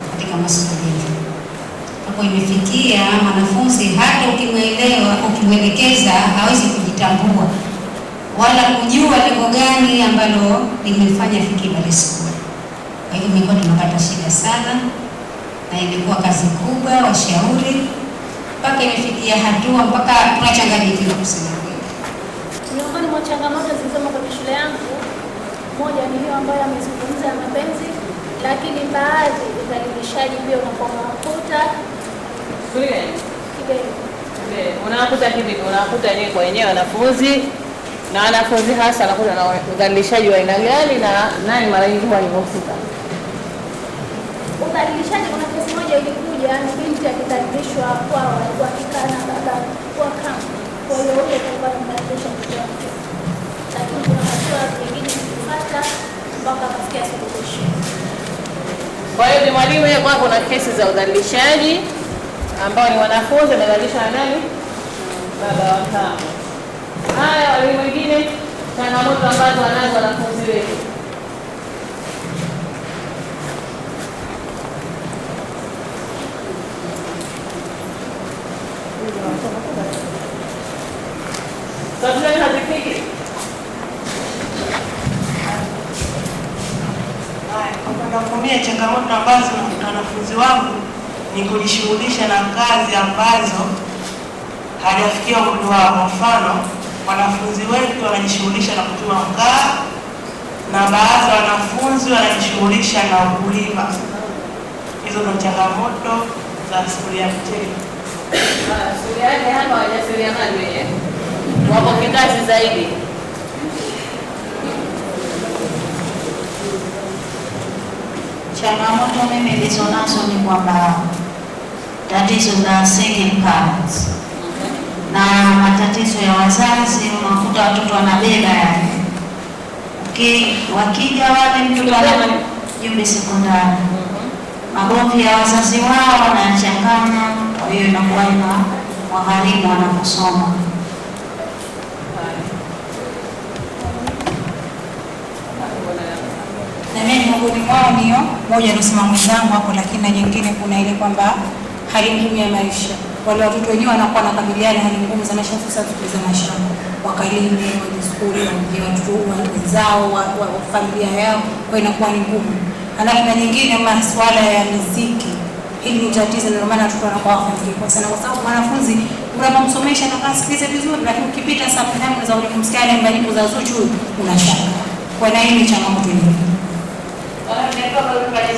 katika masomo yetu, hapo imefikia mwanafunzi hata ukimwelewa, ukimwelekeza hawezi kujitambua wala kujua lengo gani ambalo limefanya fiki pale skuli. Kwa hiyo imekuwa tunapata shida sana, na ilikuwa kazi kubwa washauri, mpaka imefikia hatua mpaka tunachanganyikiwa kusema Miongoni mwa changamoto zilizomo kwenye shule yangu moja ni hiyo ambayo amezungumza ya mapenzi, lakini baadhi udhalilishaji pia unakuwa unakuta unakuta hivi, unakuta yeye kwa wenyewe wanafunzi na wanafunzi hasa anakuta na udhalilishaji wa aina gani, na nani mara nyingi huwa alivyokuta udhalilishaji. Kuna kesi moja ilikuja, ni binti akidhalilishwa kwa walikuwa mwalimu yeye kwako na kesi za udhalilishaji ambao ni wanafunzi wamedhalilishwa na nani? Baba wa kambo. Haya, walimu wengine, changamoto ambazo wanazo wanafunzi wetu nakumia changamoto ambazo wanafunzi wangu ni kujishughulisha na kazi ambazo hajafikia umri wao. Kwa mfano, wanafunzi wengi wanajishughulisha na kutuma mkaa na baadhi ya wanafunzi wanajishughulisha na ukulima. Hizo ndo changamoto za shule ya ah, wako kikazi zaidi Changamoto mimi nilizo nazo ni kwamba tatizo la single parents na matatizo ya wazazi, unakuta watoto wanabeba yani, wakija wale mtoto ana Jumbe Sekondari, mhm. magomvi ya wazazi wao wanachangana, kwa hiyo inakuwa ina wagharimu wanaposoma miongoni mwao niyo moja aliosema mwenzangu hapo, lakini na nyingine kuna ile kwamba hali ngumu ya maisha, wale watoto wenyewe wanakuwa nakabiliana hali ngumu za maisha, hususan za mashamba, wakalime, wajiskuli, waje watoto wenzao wa wa, wa familia yao, kwa inakuwa ni ngumu. Halafu na nyingine masuala ya miziki, hili ni tatizo, ndio maana watoto wanakuwa kwa sana, kwa sababu mwanafunzi unapomsomesha na kasikilize vizuri, lakini ukipita saa fulani unaweza kumsikia nyimbo za Zuchu, unashaka kwa nini changamoto nyingi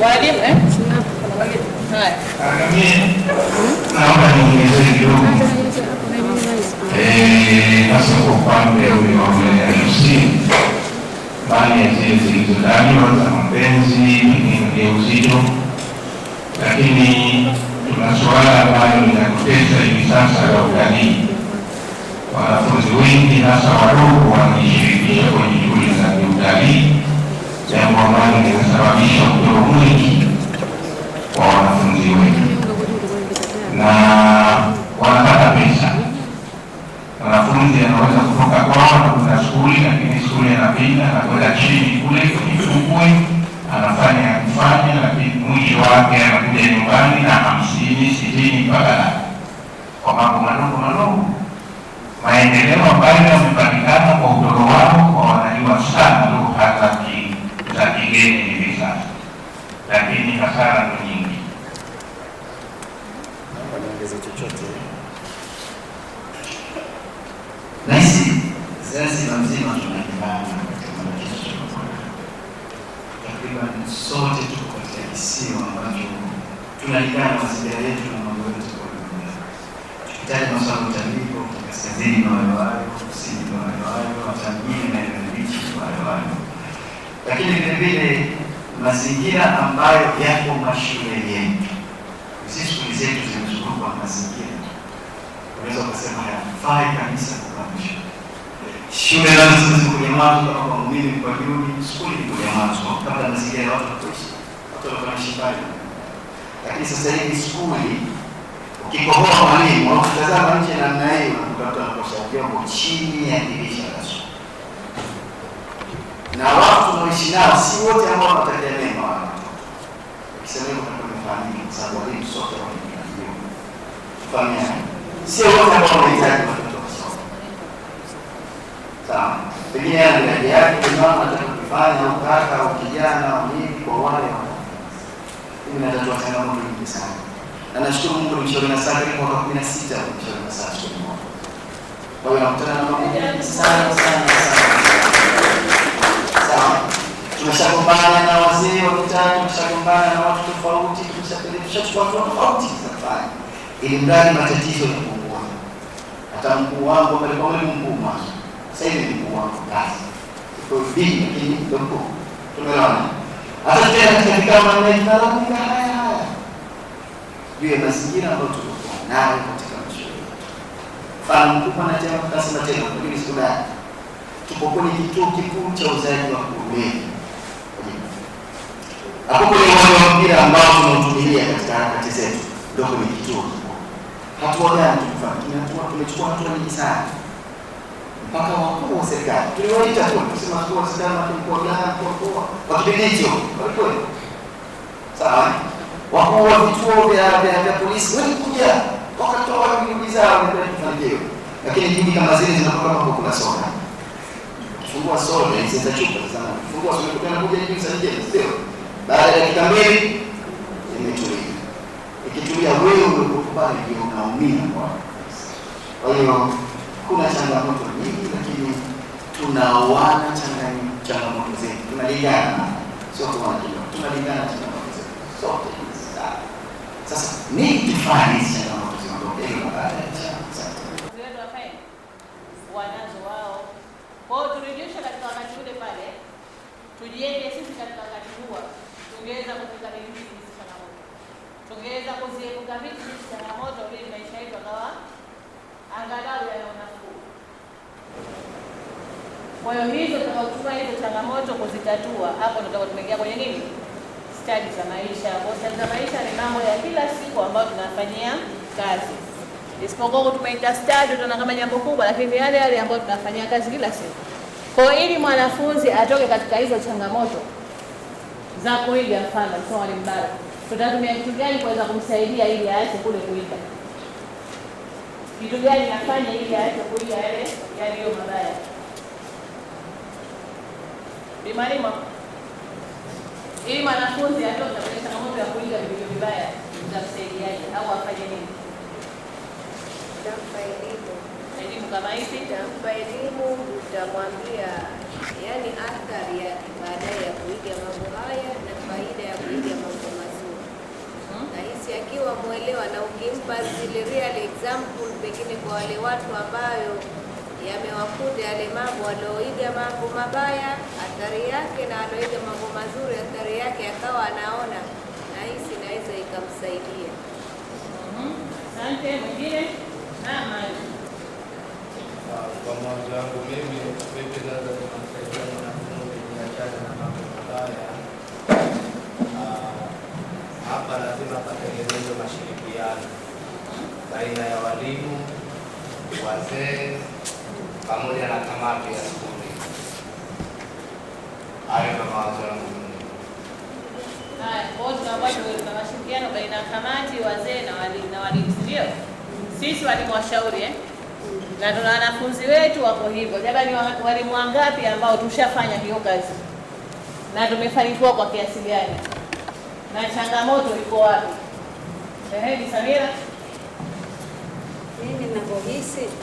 Walimu eh? Haya. Naomba niongezee kidogo. hasa kwa upande wa mahusiano. Bali zile zilizodaiwa za mapenzi ni uzito. Lakini kuna suala ambalo linatutesa hivi sasa la utalii. Wanafunzi wengi hasa wadogo wanajishirikisha kwenye shughuli za kiutalii jambo ambalo linasababisha mwingi kwa wanafunzi wengi na wanapata pesa. Wanafunzi anaweza kutoka kwao na kwenda shule, lakini shule anapinda na kwenda chini kule kitukwe, anafanya ya kufanya, lakini mwisho wake anakuja nyumbani na hamsini sitini mpaka la kwa mambo madogo madogo. Maendeleo ambayo yamepatikana kwa utoro wao kwa wanajua sana hata mahara ni nyingi. Nahisi Zanzibar mzima tunalibana takriban sote tuko katika kisiwa ambacho tunalingana mazingira yetu na mambo yetu kwa dunia. Tukitaja masuala utalii kaskazini na wale kusini na wale hata mjini na eneo la wale wale. lakini vilevile mazingira ambayo yako mashule yetu. Sisi shule zetu zimezungukwa mazingira, unaweza ukasema hayafai kabisa kupanda shule. Shule labda sasa zikunyamazwa, kama kwa mimi kwa juni, skuli ikunyamazwa, kabla mazingira ya watu kuishi, watoto wanaishi mbali. Lakini sasa hivi skuli ukikohoa mwalimu wakutazama nje namna hii, unakuta mtu anakosa vyombo chini ya dirisha nao si wote ambao watakia mema wale watoto. Ukisema hivyo utakuwa umefahamika, kwa sababu walimu sote wamejua familia, sio wote ambao wanahitaji watoto kusoma. Sawa, pengine ana mitaji yake, mama anataka kufanya au kaka au kijana au nini, kwa wale mimi natatua changamoto nyingi sana, na nashukuru Mungu nimshauri na sasa kwa mwaka 16 nimshauri na sasa kwa mwaka kwa hiyo nakutana na mambo mengi sana sana sana. Sawa tumeshagombana na wazee wa mitaa, tumeshagombana na watu tofauti, tumeshachukua hatua tofauti zinafanya ili mradi matatizo yapungua. Hata mkuu wangu amekuwa mkuu mwanzo, sasa hivi mkuu wangu kazi ikobii, lakini kidogo tumeona hata tena katika vikao manne tunalalamika haya haya juu ya mazingira ambayo tulikuwa nayo katika nchi yetu. Mfano mkubwa na tena kasema tena, lakini siku tupo kwenye kituo kikuu cha uzaji wa umeme hapo ni uwanja wa mpira ambao tunautumilia katika harakati zetu, ndio kwenye kituo kikubwa. Hatua gani tumefanya? Tunatua, tumechukua hatua nyingi sana, mpaka wakuu wa serikali tuliwaita tu, kusema wakuu wa serikali na mkuu wa mkoa kwa kipindi hicho, walikuwa sawa. Wakuu wa vituo vya vya polisi walikuja wakatoa juhudi zao na kufanikiwa, lakini juhudi kama zile zinakuwa kama kuna soda, kufungua soda hizo chupa sana, kufungua soda kuna kuja juhudi za nje, baada ya dakika mbili imetulia. Ikitulia wewe ulipokubali ndio unaumia kwa. Kwa hiyo kuna changamoto nyingi, lakini tunaoana changamoto zetu, tunalingana, sio kuana kidogo, tunalingana changamoto zetu sote. Sasa ni kifani changamoto ziondoke na baada ya wanazo wao kwao, turudishe katika wakati ule pale, sisi katika wakati huo tukiweza kuzikabili hizi changamoto, tukiweza kuzikabili hizi changamoto, ili maisha yetu akawa angalau yananafuu. Kwa hiyo hizo tunakutumia hizo changamoto kuzitatua, hapo ndio tumeingia kwenye nini, stadi za maisha. Kwa stadi za maisha ni mambo ya kila siku ambayo tunafanyia kazi, isipokuwa tumeita stadi tunaona kama jambo kubwa, lakini yale yale ambayo tunafanyia kazi kila siku. Kwa hiyo ili mwanafunzi atoke katika hizo changamoto za kuiga, mfano msomo wa Mwalimu tutatumia kitu gani kuweza kumsaidia ili aache kule kuiga? Kitu gani afanye ili aache kuiga yale yaliyo mabaya? Bimalima, ili mwanafunzi atoke kwenye changamoto ya kuiga vilivyo vibaya, mtamsaidiaje au afanye nini? Tampa elimu kama hivi, tampa elimu unamwambia yani athari yake baadaye ya kuiga mambo haya na faida ya kuiga mambo mazuri. Hmm? Nahisi akiwa mwelewa na ukimpa zile real example, pengine kwa wale watu ambayo yamewakuta yale mambo, alioiga mambo mabaya athari yake, na alioiga mambo mazuri athari yake, akawa anaona, nahisi inaweza ikamsaidia. Hmm? Asante. Mwingine? Naam. Kwa mawazo yangu mimi, vipi naweza kumsaidia mwanafunzi kuachana na mambo mabaya? Ah, hapa lazima patengenezwe mashirikiano baina ya walimu, wazee pamoja na kamati ya skuli. Hayo ndo mawazo yangu Mashirikiano baina ya kamati, wazee na walimu, sio sisi walimu washauri eh? na tuna wanafunzi wetu wako hivyo, jaba ni walimu wangapi ambao tushafanya hiyo kazi na tumefanikiwa kwa kiasi gani na changamoto iko wapi? Ehe, Samira, mimi ninapohisi